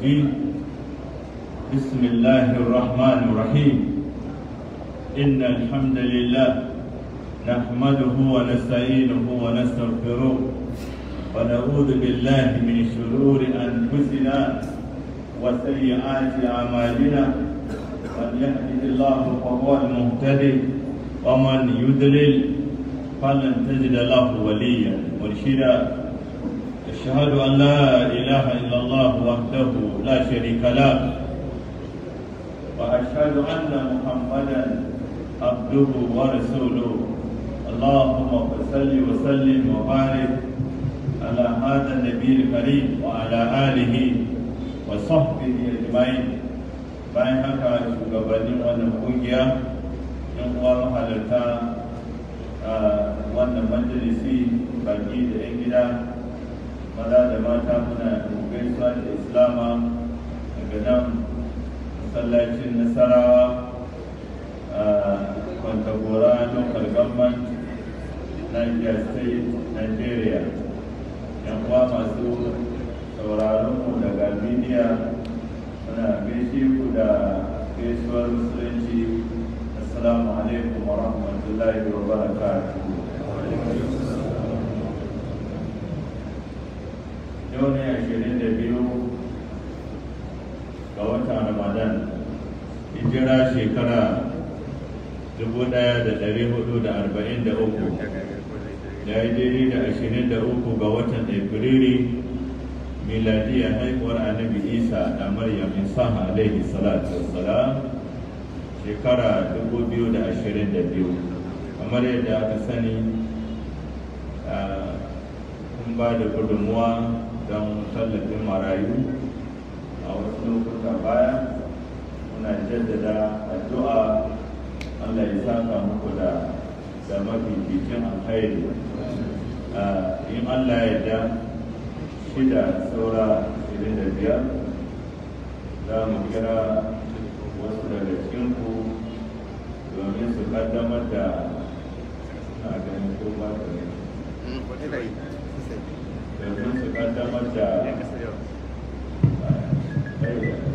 الدين بسم الله الرحمن الرحيم إن الحمد لله نحمده ونستعينه ونستغفره ونعوذ بالله من شرور أنفسنا وسيئات أعمالنا من يهده الله فهو المهتدي ومن يضلل فلن تجد له وليا مرشدا أشهد أن لا إله إلا الله وحده لا شريك له وأشهد أن محمدا عبده ورسوله اللهم صل وسلم وبارك على هذا النبي الكريم وعلى آله وصحبه أجمعين bayan haka shugabannin wannan kungiya yan uwa mahalarta wannan majalisi baki da 'yan gida maza da mata muna gaisuwa da islama daga nan masallacin nasarawa a kwantagora local government niger state nigeria yan uwa masu sauraronmu daga media muna gaishe ku da gaisuwar musulunci assalamu alaikum wa rahmatullahi wa barakatuhu yau ne ashirin da biyu ga wata ramadan hijira shekara dubu ɗaya da ɗari hudu da arba'in da uku daidai da ashirin da uku ga watan Afrilu miladiya haihuwar annabi isa da maryam isa alaihi salatu wassalam shekara dubu biyu da ashirin da biyu kamar yadda aka sani kun ah, ba da gudunmuwa don tallafin marayu a wasu lokuta baya muna jaddada addu'a Allah ya saka muku da da bikin alkhairi in Allah ya da shida saura 25 biyar za mu kira wasu daga cikinku domin su kaddamar da suna ganin ko ba da hmm, ne. Entonces, falta marcha. Bien, que se dio. Vale. Ahí, bueno.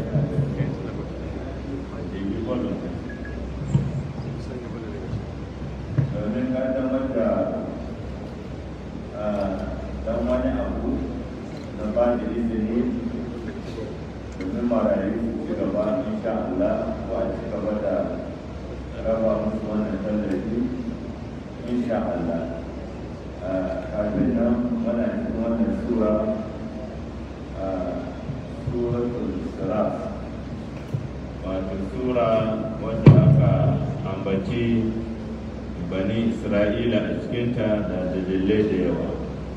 wato sura wanda aka ambaci bani isra'ila a cikinta da dalilai da yawa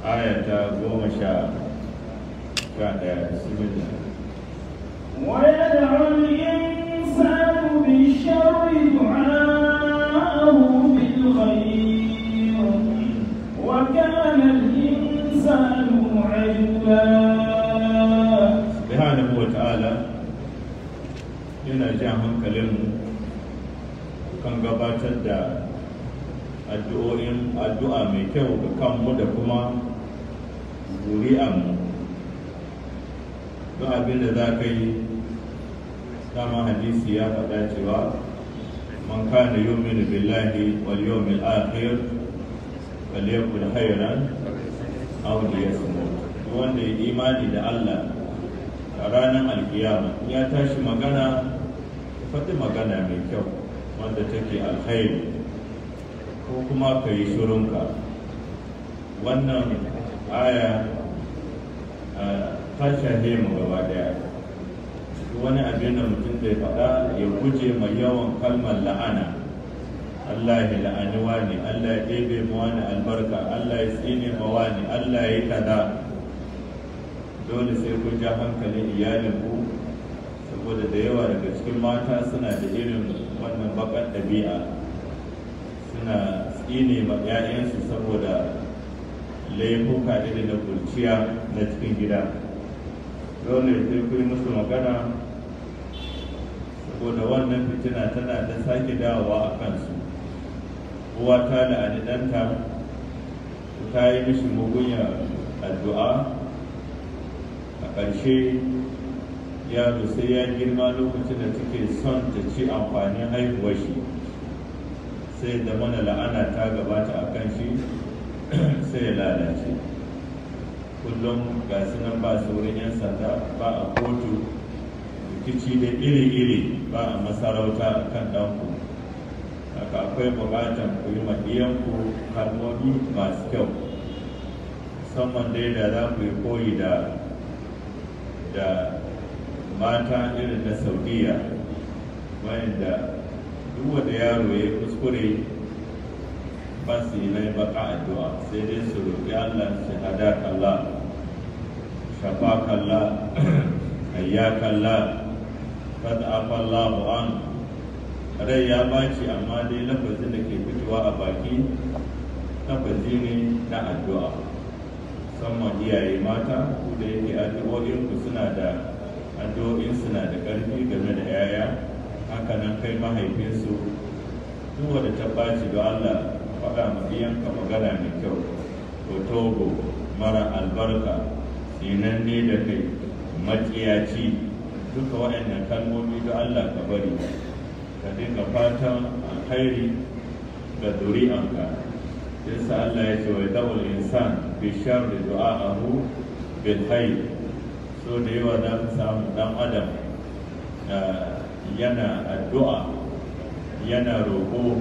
ayata goma sha sha ɗaya bismillah وكان الإنسان عجولا سبحانه وتعالى yana ja hankalinmu kan gabatar da addu'o'in addu'a mai kyau ga kanmu da kuma zuri'anmu don abin da za ka yi dama hadisi ya faɗa cewa man kana yuminu billahi wal yawmil akhir falyakul khairan aw liyasmut wanda ya imani da Allah a ranar alkiyama ya tashi magana faɗi magana mai kyau wanda take alkhairi ko kuma ka yi shirunka wannan aya ta shahe mu gaba daya wani abin da mutum zai faɗa ya guje mai yawan kalmar la'ana Allah ya la'ani wani Allah ya ɗebe ma wani albarka Allah ya tsine ma wani Allah ya yi kaza dole sai ku ja hankalin iyalinku saboda da yawa daga cikin mata suna da irin wannan bakar ɗabi'a suna tsine ma 'ya'yansu saboda laifuka irin da kurciya na cikin gida dole sai kai musu magana saboda wannan fitina tana da sake dawowa a kansu uwa ta la'ani ɗanta ta yi mishi mugunya addu'a a ƙarshe yaro sai ya girma lokacin da take son ta ci amfanin haihuwar shi sai da mana la'ana ta gabata a kan shi sai ya lalace kullum ga nan ba su wurin 'yan sanda ba a kotu rikici da iri-iri ba a masarauta a kan ɗanku haka akwai bukatan ku yi maɗiyanku kalmomi masu kyau musamman dai da za ku yi koyi da mata irin na saudiya da. duk wanda yaro ya kuskure ba su yi mai baka addu'a sai dai su roƙi allah shahada kalla shafa kalla ayya kalla fata afalla bu'an rai ya baci amma dai lafazin da ke fitowa a baki lafazi ne na addu'a musamman iyaye mata da yake addu'o'inku suna da addu'o'in na da ƙarfi game da yaya haka nan kai mahaifinsu Tun wanda ta baci da Allah faɗa mu ka magana mai kyau togo mara albarka sinan ne da kai matsiyaci duka waɗannan kalmomi da Allah ka bari ka dinga fatan alkhairi ga zuri'anka yasa Allah ya ce wa da'ul insan bi sharri du'a'ahu bil khair so da yawa za ka samu dan adam ah, yana addu'a yana roƙo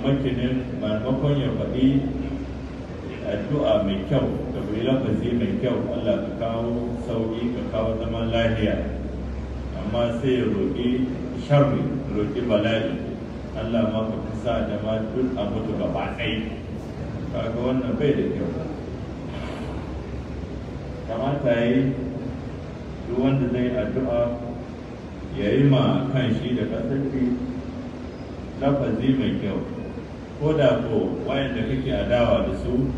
makinin maimakon ya faɗi addu'a mai kyau da bai lafazi mai kyau Allah ka kawo sauƙi ka kawo zaman lafiya amma sai ya roƙi sharri roƙi bala'i Allah ma ka kusa da ma duk abu gaba ɗaya kaga wannan bai da kyau kamata ya yi duk wanda zai addu'a ya yi ma kan shi da kasarki lafazi mai kyau ko da ko wayanda kake adawa da su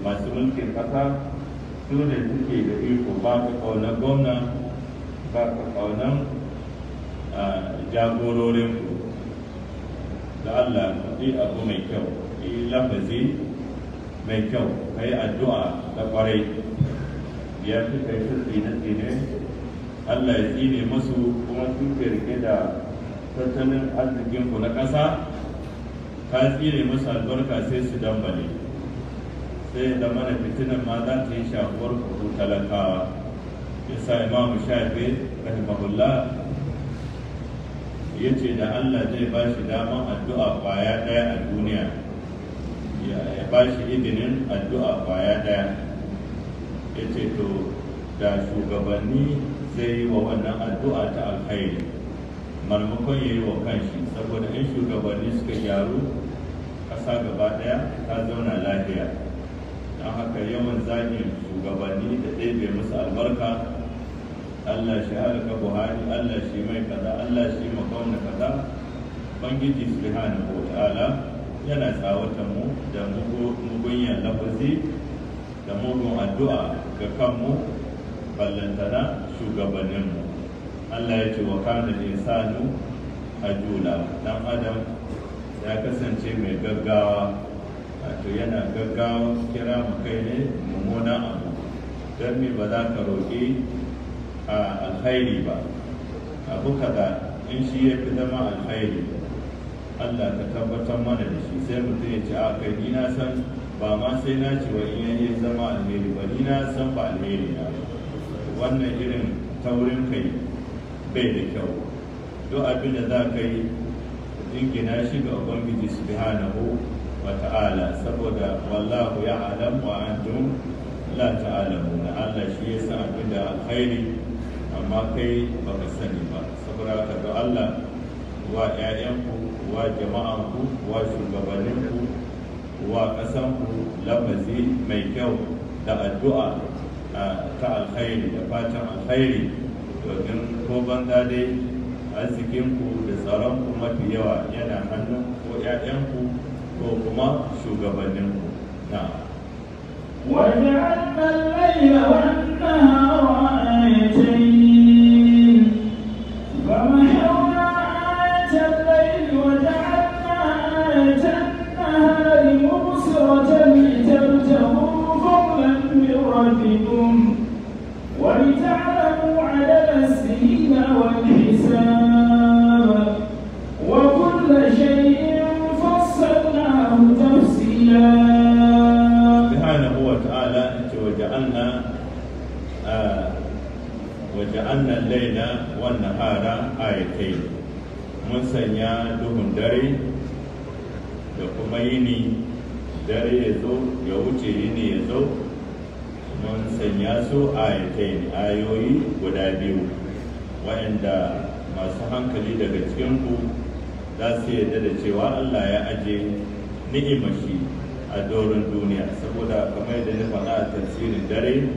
masu mulkin kasa su ne suke da iko ba ka kaunar gwamna ba ka kaunar da Allah yi abu mai kyau yi lafazi mai kyau ka yi addu'a da kwarai ya fi kai ta allah ya tsire masu kuma sun ke rike da tattalin arzikin ku na ƙasa ka tsire masu albarka sai su dambali. sai da mana fitinan ma za ta yi shafuwar kuɗin talakawa ya sa imamu shafi rahimahullah ya ce da allah zai ba shi daman addu'a kwaya ɗaya a duniya ya ba shi idinin addu'a kwaya ɗaya ya ce to da shugabanni zai yi wa wannan addu'a ta alkhairi marmakon ya yi wa kanshi saboda 'yan shugabanni suka gyaru ƙasa gaba ɗaya ta zauna lafiya don haka yawan zagin shugabanni da ɗebe musu albarka Allah shi halaka Buhari Allah shi mai kaza Allah shi makauna kaza bangiji subhanahu ko ta'ala yana tsawata mu da mugun lafazi da mugun addu'a ga kanmu ballantana shugabanninmu Allah ya ce wa kana insanu jula. dan adam ya kasance mai gaggawa wato yana gaggawa kira mu kai ne mummunan abu don me ba za ka roƙi a alkhairi ba abu kaza in shi ya fi zama alkhairi Allah ka tabbatar mana da shi sai mutum ya ce a kai ni na san ba ma sai na ci wa iya zama alheri ba ni na san ba alheri na wannan irin taurin kai bai da kyau duk abin da za ka yi jingina shi ga ubangiji subhanahu wa ta'ala saboda wallahu ya alam wa antum la ta'alamu na Allah shi ya san abin da alkhairi amma kai ba ka sani ba saboda ka ga Allah wa 'ya'yanku wa jama'anku wa shugabanninku wa ƙasanku lafazi mai kyau da addu'a ta alkhairi da fatan alkhairi domin ko banza dai arzikinku da tsaronku mafi yawa yana hannun ko 'ya'yanku ko kuma shugabanninku na hankali daga cikinku za su yarda da cewa Allah ya aje ni'imashi a doron duniya saboda kamar da na faɗa a tasirin dare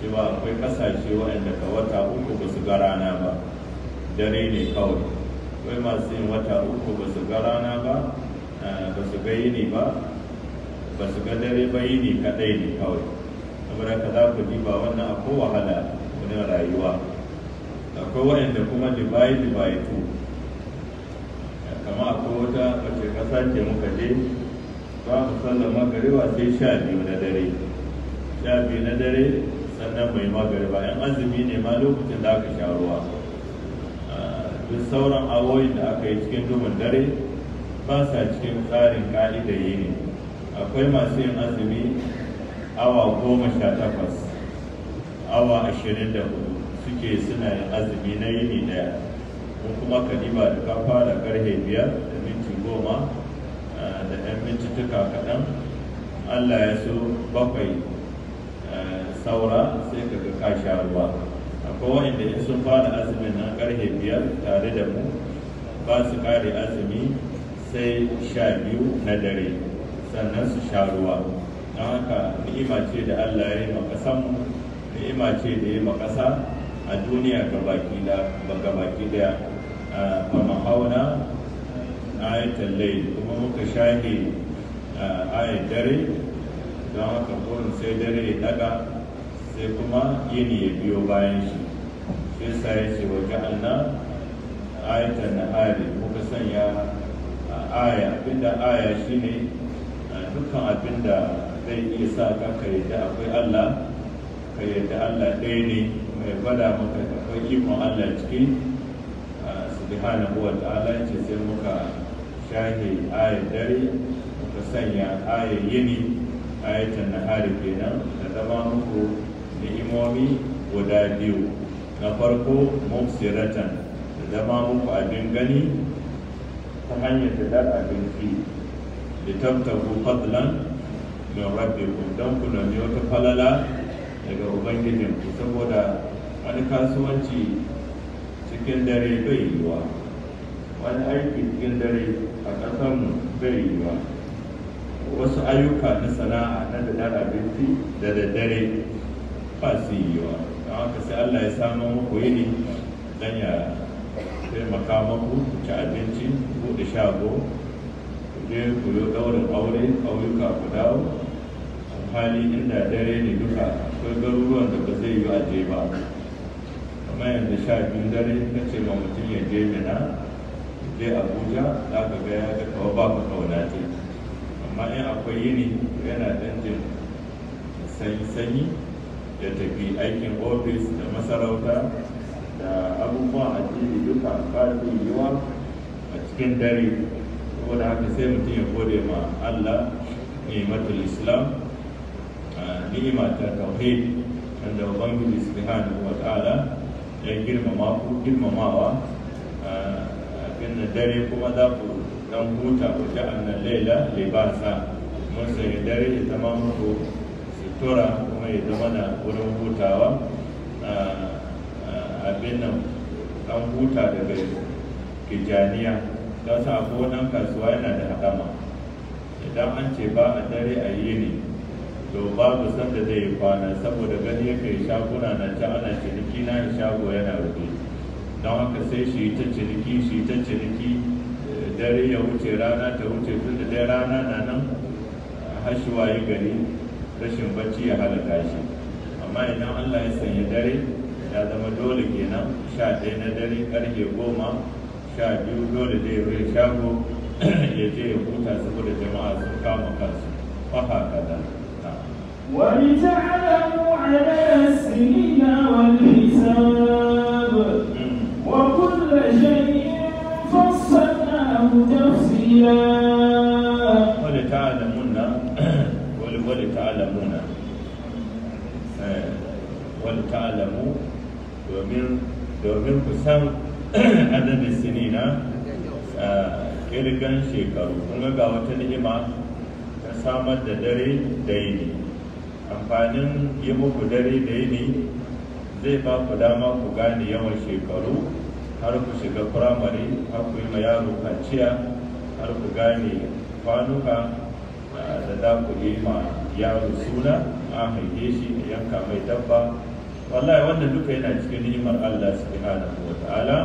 cewa akwai ƙasashe waɗanda ka wata uku ba su ga rana ba dare ne kawai akwai masu yin wata uku ba su ga rana ba ba su ga yini ba ba su ga dare ba yini kaɗai ne kawai saboda ka za ku ba wannan a wahala wani rayuwa akwai waɗanda kuma divide by two kama akwai wata wace kasa ce muka je ba mu sallar magariba sai sha biyu na dare sha biyu na dare sannan mai magariba yan azumi ne ma lokacin da aka sha ruwa ah, duk sauran awoyi da aka yi cikin dubin dare ba sa cikin tsarin ka'ida yi ne akwai masu yin azumi awa goma sha takwas awa ashirin da hudu suke suna azumi na yini daya mun kuma kalima da ka fara karhe biyar da minti goma eh, da yan mintituka kaɗan allah ya so bakwai eh, saura sai ka ga ka sha ruwa akwai wa'inda in sun fara azumin na karhe biyar tare da mu ba su kare azumi sai sha biyu na dare sannan su sha ruwa don haka ni'ima ce da allah ya yi makasanmu ni'ima ce da ya yi makasa a duniya ga baki gabaki daya a mahauna ayatul layl kuma muka shahi ayat dare don haka kurin sai dare ya daga sai kuma yini ya biyo bayan shi sai sa ya ce wa ja'alna ayatan nahari muka sanya aya abinda aya shine dukkan abinda zai iya sa ka yarda akwai Allah ka yadda Allah ɗaya ne mai fada maka da akwai ikon Allah ciki subhanahu wa ta'ala ce sai muka shahe ayar dare muka sanya ayar yini ayatan nahari kenan da zama muku ni'imomi guda biyu na farko mufsiratan da zama muku abin gani ta hanyar da dar abinci da tabtabu fadlan min rabbikum don ku ne wata falala daga ubangijin saboda wani kasuwanci cikin dare bai yiwa wani aiki cikin dare a ƙasanmu bai yiwa wasu ayyuka na sana'a na da dara abinci da daddare ba su yiwa don haka sai allah ya samu muku yini don ya taimaka muku ci abinci buɗe shago ku je ku yi daurin aure auyuka ku dawo hali inda dare ne duka akwai garuruwan da ba zai yi a je ba kamar yadda sha biyu dare na ce ma mutum ya je mina je abuja za ka ga ya ga kawo ba ka kauna ce amma in akwai yini yana ɗan jin sanyi-sanyi ya tafi aikin ofis da masarauta da abubuwan addini duka ba su yiwa a cikin dare saboda haka sai mutum ya gode ma allah matul islam ni'ima ta tauhid wanda ubangiji subhanahu wa ta'ala ya girmama ku girmamawa a kan dare kuma za ku dan huta ku ji annan laila libasa mun sai dare ya zama muku sutura kuma ya zama na wurin hutawa a nan an huta daga kijaniya don sa ko nan kasuwa yana da hadama idan an ce ba a dare a yi ne to babu sanda zai yi kwana saboda gani yake shaguna na can ana ciniki na shago yana rufe don haka sai shi ta ciniki shi ta ciniki dare ya wuce rana ta wuce tun da dai rana na nan hashuwa yi gari rashin bacci ya halaka shi amma idan allah ya sanya dare ya zama dole kenan sha ɗaya na dare karfe goma sha biyu dole zai yi shago ya je ya huta saboda jama'a sun kama kansu fa haka ولتعلموا على السنين والحساب وكل شيء فصلناه domin domin ku san sinina kirgan shekaru kuma ga wata ni'ima ta samar da dare da yini amfanin yi muku dare da yini zai ba ku dama ku gane yawan shekaru har ku shiga firamare har ku yi ma yaro kaciya har ku gane kwanuka ah, da za ku yi ma yaro suna a haife shi a yanka mai dabba wallahi wannan duka yana cikin ni'imar Allah subhanahu wa ta'ala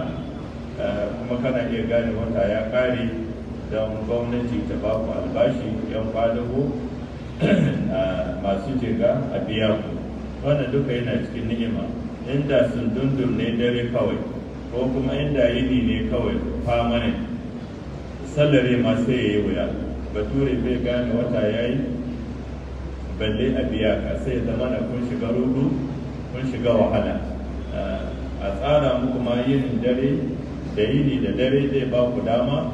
ah, kuma kana iya gane wata ya kare don gwamnati ta ba ku albashi yan kwadago masu shiga a biya ku wanda duka yana cikin ni'ima inda sun dundun ne dare kawai ko kuma inda yini ne kawai famanin Sallare ma sai ya yi wuya bature bai gane wata ya yi balle a biya ka sai ya zama na kun shiga rudu kun shiga wahala a tsara muku ma yin dare da yini da dare zai ba ku dama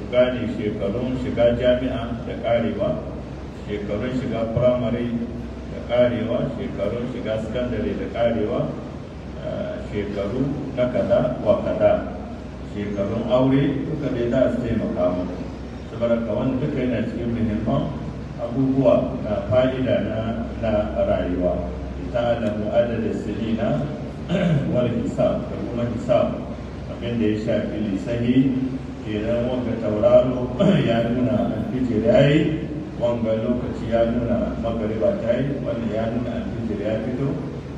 ku gane shekarun shiga jami'a da karewa shekarun shiga firamare da karewa shekarun shiga sakandare da karewa eh, shekaru na kada wa kada shekarun aure duka dai za su taimaka mu saboda ka wani duka yana cikin muhimman abubuwa na fa'ida na rayuwa ta alamu adada sinina wal hisab da kuma hisab abin da ya shafi lisahi kenan wanda tauraro ya nuna an da yayi wanga lokaci ya nuna magariba ta yi wannan ya nuna alfijir ya fito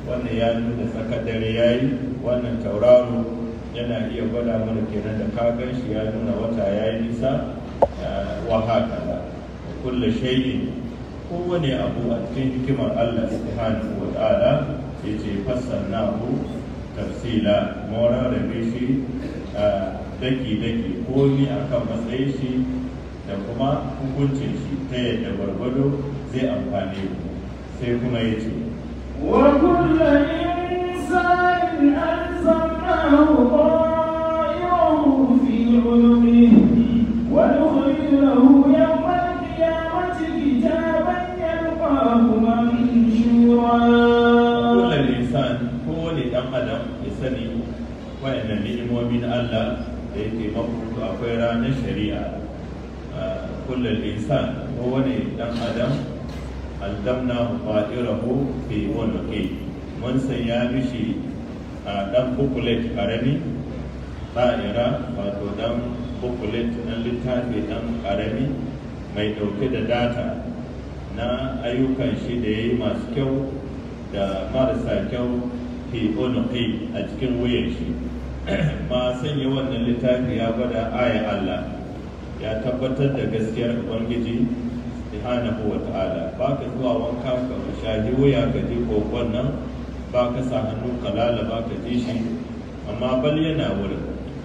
wannan ya nuna tsakar dare ya yi wannan tauraro yana iya gwada mana kenan da kagan shi ya nuna wata ya yi nisa wa haka kulle shayin kowane abu a cikin hikimar Allah subhanahu wa ta'ala ya ce na abu tafsila mora rabe shi daki daki ko ni akan matsayin shi da kuma hukuncin shi ta yadda gwargwado zai amfane ku sai kuma ya ce wa kullu insanin alzamnahu ta'iruhu fi 'unuqihi wa sani wa'annan ni'imomin Allah da yake mafuta akwai ranar shari'a kullal insan ko wani dan adam aldamna ta'irahu fi wani mun sanya mishi a dan bukulet karami ta'ira wato ɗan bukulet na littafi ɗan karami mai ɗauke da data na ayyukan shi da ya yi masu kyau da marasa kyau fi wani a cikin wuyan shi ma sanya wannan littafi ya gwada aya Allah ya tabbatar da gaskiyar ubangiji subhanahu wa ta'ala ba ka zuwa wanka ka shaji wuya ka ji kokon nan ba ka sa hannu ka ba ka ji shi amma bal yana wuri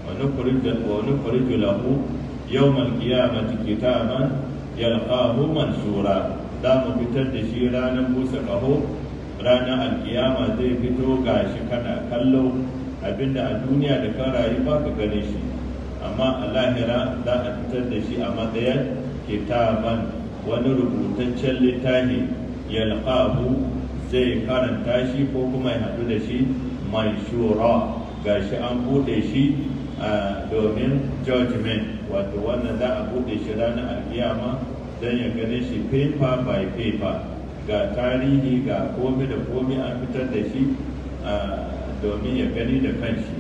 wani Yau wani kurijin lahu yawmal qiyamati kitaban yalqahu mansura da mu fitar da shi ranar busa kaho ranar alkiyama zai fito ga shi kana kallo abinda a duniya da kan rayu ba ka gane shi amma a lahira za a fitar da shi a matsayin kitaban wani rubutaccen littafi yalqahu zai karanta shi ko kuma ya haɗu da shi mai shura gashi an buɗe shi domin judgment wato wannan za a buɗe shi ranar alkiyama don ya gane shi paper by paper ga tarihi ga komi da komi an fitar da shi domin ya gani da kanshi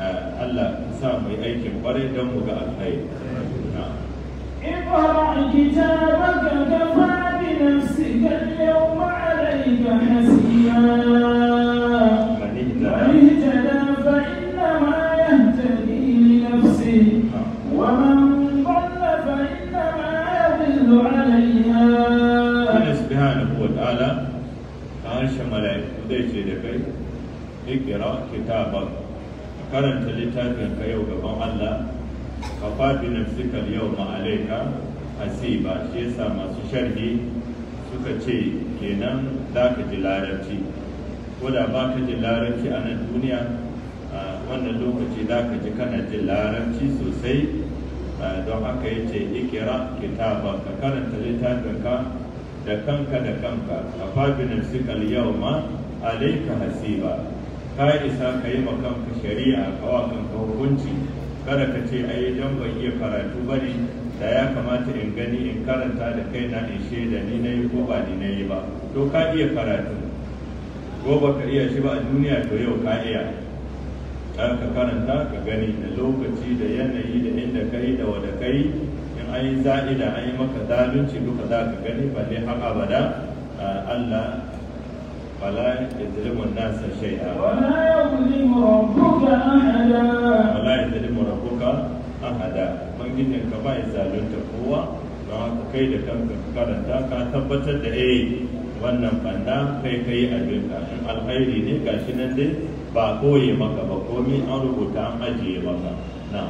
Allah samai aikin kware don mu ga اقرأ كتابك كفى بنفسك اليوم عليك حسيا من اهتدى فإنما يهتدي لنفسه نعم. ومن ضل فإنما يضل عليها من سبحانه وتعالى عاش ملائكة وديش لكي اقرأ كتابك karanta littafin ka yau gaban Allah ka faɗi nafsikal yau ma'alaika ba shi yasa masu sharhi suka ce kenan za ka ji larabci ko da ba ka ji larabci a nan duniya wannan lokaci za ka ji kana ji larabci sosai don haka ya ce ikira kitaba ka karanta littafin ka da kanka da kanka ka faɗi nafsikal yau ma alaika hasiba ka isa ka yi ma kanka shari'a ka wa kanka hukunci kada ka ce ai dan ban iya karatu bane da ya kamata in gani in karanta da kai na in shaida ni na yi ko ba ni na yi ba to ka iya karatu ko ba ka iya shi ba a duniya to yau ka iya ka karanta ka gani da lokaci da yanayi da inda kai da wada kai in an yi za'ida an yi maka zalunci duka za ka gani balle haka bada ah, Allah ولا يظلم الناس شيئا ولا يظلم ربك أحدا ولا يظلم ربك أحدا من جنك كما يزالون تقوى kai da kanka ka tabbatar da eh wannan banna kai kai a ka in alkhairi ne gashi nan dai ba koye maka ba komai an rubuta an ajiye maka na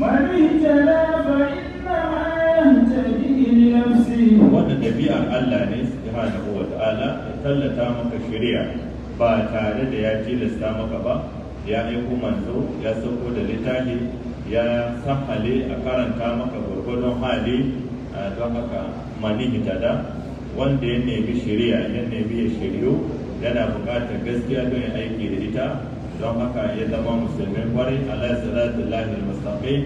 man ihtala fa inna ma yahtadi li nafsi wannan dabi'ar Allah ne subhanahu wa ta'ala ya tallata maka shari'a ba tare da ya tilasta maka ba ya aiko manzo ya sauko da littafi ya hali a karanta maka gwargwadon hali don haka mani da wanda ya nemi shari'a ya nemi ya shiryu yana buƙatar gaskiya don ya aiki da ita don haka ya zama musulmin kwarai ala salatu lahi mustaqim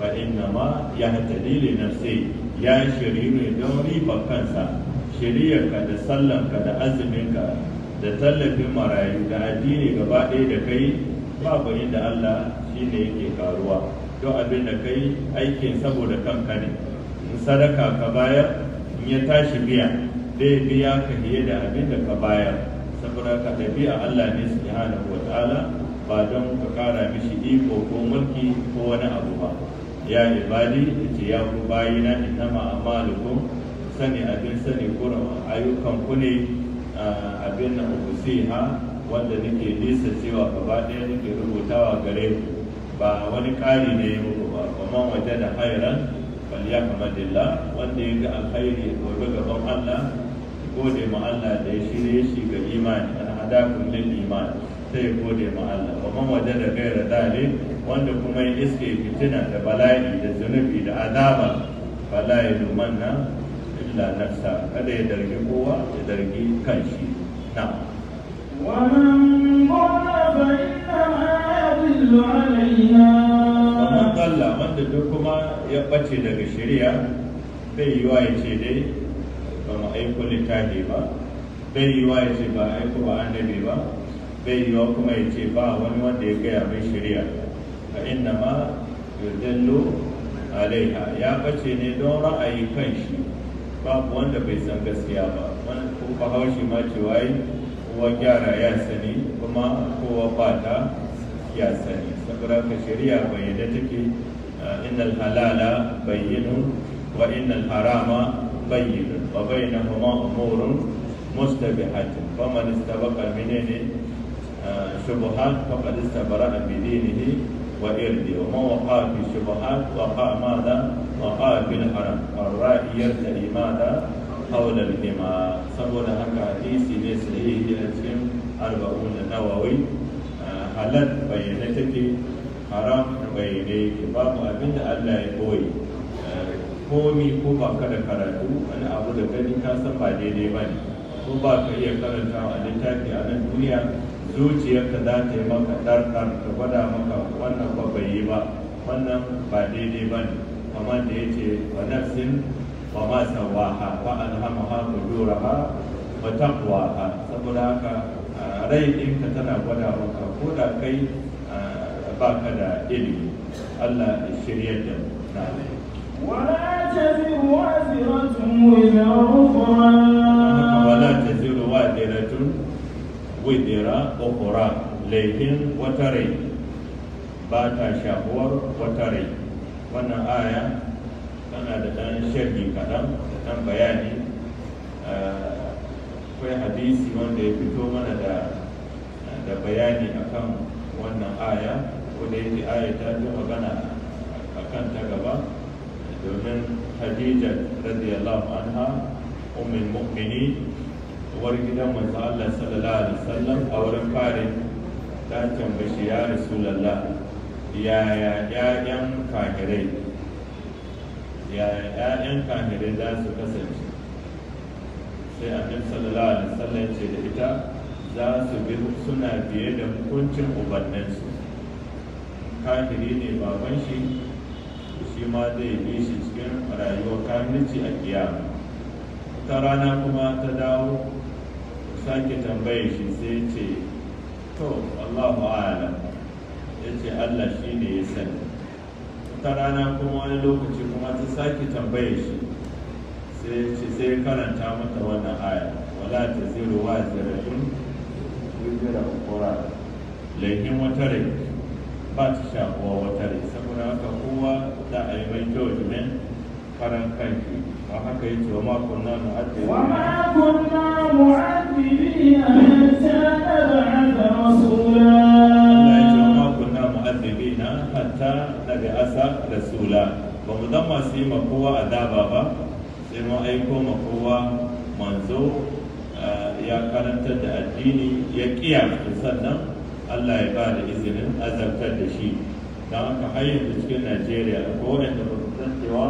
fa inna ma yahtadi li nafsi ya shiryu ne don riba kansa shiriyarka da sallanka da azuminka da tallafin marayu da addini gaba ɗaya da kai babu da Allah shine yake karuwa don abin da kai aikin saboda kanka ne in sadaka ka bayar in ya tashi biya dai biya ka fiye da abin da ka bayar saboda ka tafi a Allah ne su jihana wa ta'ala ba don ka kara mishi iko ko mulki ko wani abu ba ya ibadi ce ya ku bayina inama amalukum sani abin sani kuran ayyukan ku ne abin na ha wanda nake nisa cewa gaba ɗaya nake rubutawa gare ku ba wani ƙari ne ya muku ba kuma waje da hairan faliya kamadillah wanda ya ga alkhairi gobe gaban allah gode ma allah da ya shirye shi ga imani an hadakun lil imani sai gode ma allah kuma waje da gaira dale wanda kuma ya iske fitina da bala'i da zunubi da azaba fala ya nan. illa nafsa kada ya dargi kowa ya dargi kanshi na ومن ضل Allah wanda duk kuma ya ɓace daga shari'a bai yi wa ya ce dai ba mu aiko littafi ba bai yi wa ya ce ba aiko ba annabi ba bai yi wa kuma ya ce ba wani wanda ya gaya mai shari'a a inda ma yudallu alaiha ya ɓace ne don ra'ayi kan shi babu wanda bai san gaskiya ba wani ko bahaushe ma cewa yi kowa gyara ya sani kuma kowa bata ya sani saboda ka shari'a bayyana take ah, innal halala bayyinun wa innal harama bayyinun wa bainahuma umurun mustabihatun faman istabaqa minene ah, shubhat faqad istabara'a bi dinihi وإردي وما وقع في الشبهات وقع ماذا؟ وقع في الحرام والرأي يرتدي ماذا؟ حول الإمام سبب هكا حديثي ليس هي الأجسام أربعون نووي حلال بينتك haram bai da yake babu abin Allah ya koyi komi ko ba ka da karatu wani abu da gani ka san ba daidai ba ne ko ba ka iya karanta a littafi a nan duniya zuciyarka za ta yi maka ɗarɗar ta gwada maka wannan ba yi ba wannan ba daidai ba ne amma da ya ce wa nafsin wa ma sawaha wa ba fujuraha wa ha saboda haka rai ɗinka tana gwada maka ko da kai ba ka da ilimi Allah shirya da na ولا تزر وازرة وزر أخرى ولا تزر وازرة wizira ukura laifin wata rai ba ta shafuwar wata rai wannan aya tana da ɗan sharhi kaɗan da ɗan bayani akwai hadisi wanda ya fito mana da bayani akan wannan aya ko da yake aya ta yi magana akan ta gaba domin hadija radiyallahu anha ummin mu'mini uwar gidan manzo Allah sallallahu alaihi wasallam a wurin farin, ta tambashi ya rasulullah yaya ƴaƴan ya yaya ƴaƴan kafirai za su kasance sai annabi sallallahu alaihi wasallam ce da ita za su bi suna biye da hukuncin ubannansu kafiri ne baban shi shi ma zai bi shi cikin rayuwar kafirci a kiyama ta rana kuma ta dawo sake tambaye shi sai ce to Allahu ya ce Allah shi ne ya sani ta rana kuma wani lokaci kuma ta sake tambaye shi sai ce sai karanta mata wannan aya wala ta ziru wa ziratun wizira ukura laifin wata rai ba ta shafuwa wata rai saboda haka kowa za a yi mai kyau judgment karan kanki ba haka ce wa ma a ce wa makon na da ba mu zama masu yi kowa azaba ba sai mu aiko ma kowa manzo ya karantar da addini ya kiya sannan allah ya ba da izinin azabtar da shi don haka har yanzu cikin najeriya ko waɗanda ba su san cewa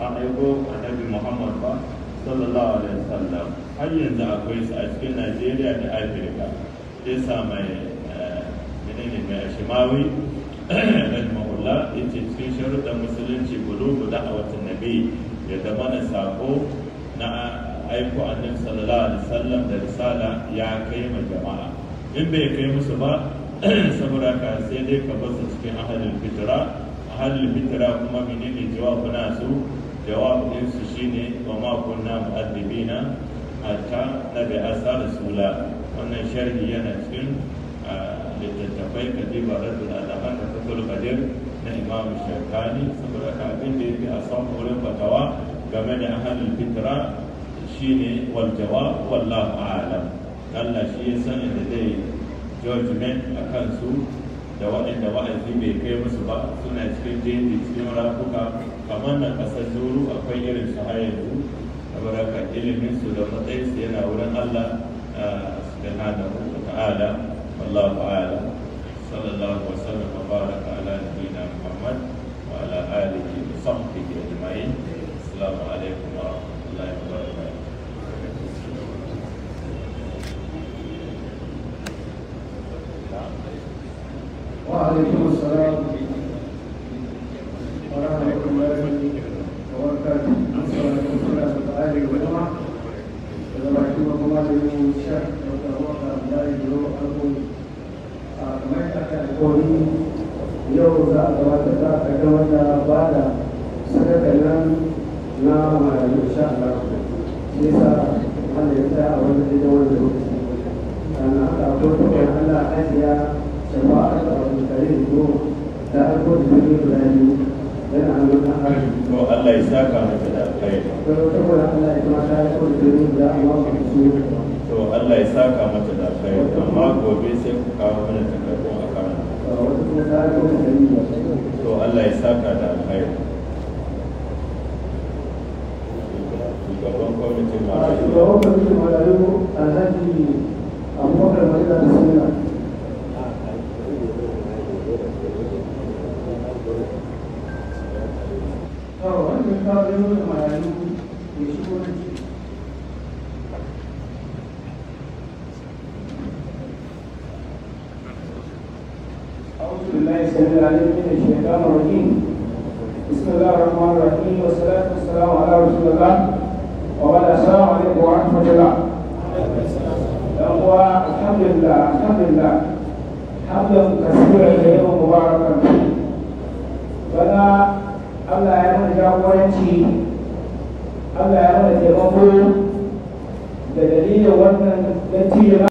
an aiko annabi muhammad ba sallallahu alaihi wasallam har yanzu akwai su a cikin najeriya da afirka isa mai eh, menene mai shimawi rahimahulla ya ce cikin sharuɗan musulunci gudu da a watan nabi ya zama na sako na aiko annabi sallallahu alaihi wasallam da risala ya kai ma jama'a in bai kai musu ba saboda ka sai dai ka basu cikin ahalin fitra ahalin fitra kuma menene jawabuna su jawab din su shine wa ma kunna mu'addibina hatta biasa da asar sula wannan sharhi yana cikin littattafai kadiba radul alaman da fatul qadir na imam shakani saboda ka abin da yake a san wurin fatawa game da ahlul fitra shine wal jawab wallahu a'lam Allah shi ya sani da zai judgment a kansu da waɗanda wa'azi bai kai musu ba suna cikin jeji cikin rafuka kamar na kasar duru akwai irin su har yanzu baraka haka ilimin su da matsayin su yana wurin Allah ah, subhanahu wa ta'ala wallahu a'ala sallallahu wa sallam wa baraka ala nabiyyina Muhammad wa ala alihi wa sahbihi ajma'in assalamu alaikum wa rahmatullahi wa barakatuh وعليكم السلام to Allah ya saka da alkhairi shugaban kwamitin shugaban kwamitin mai da suna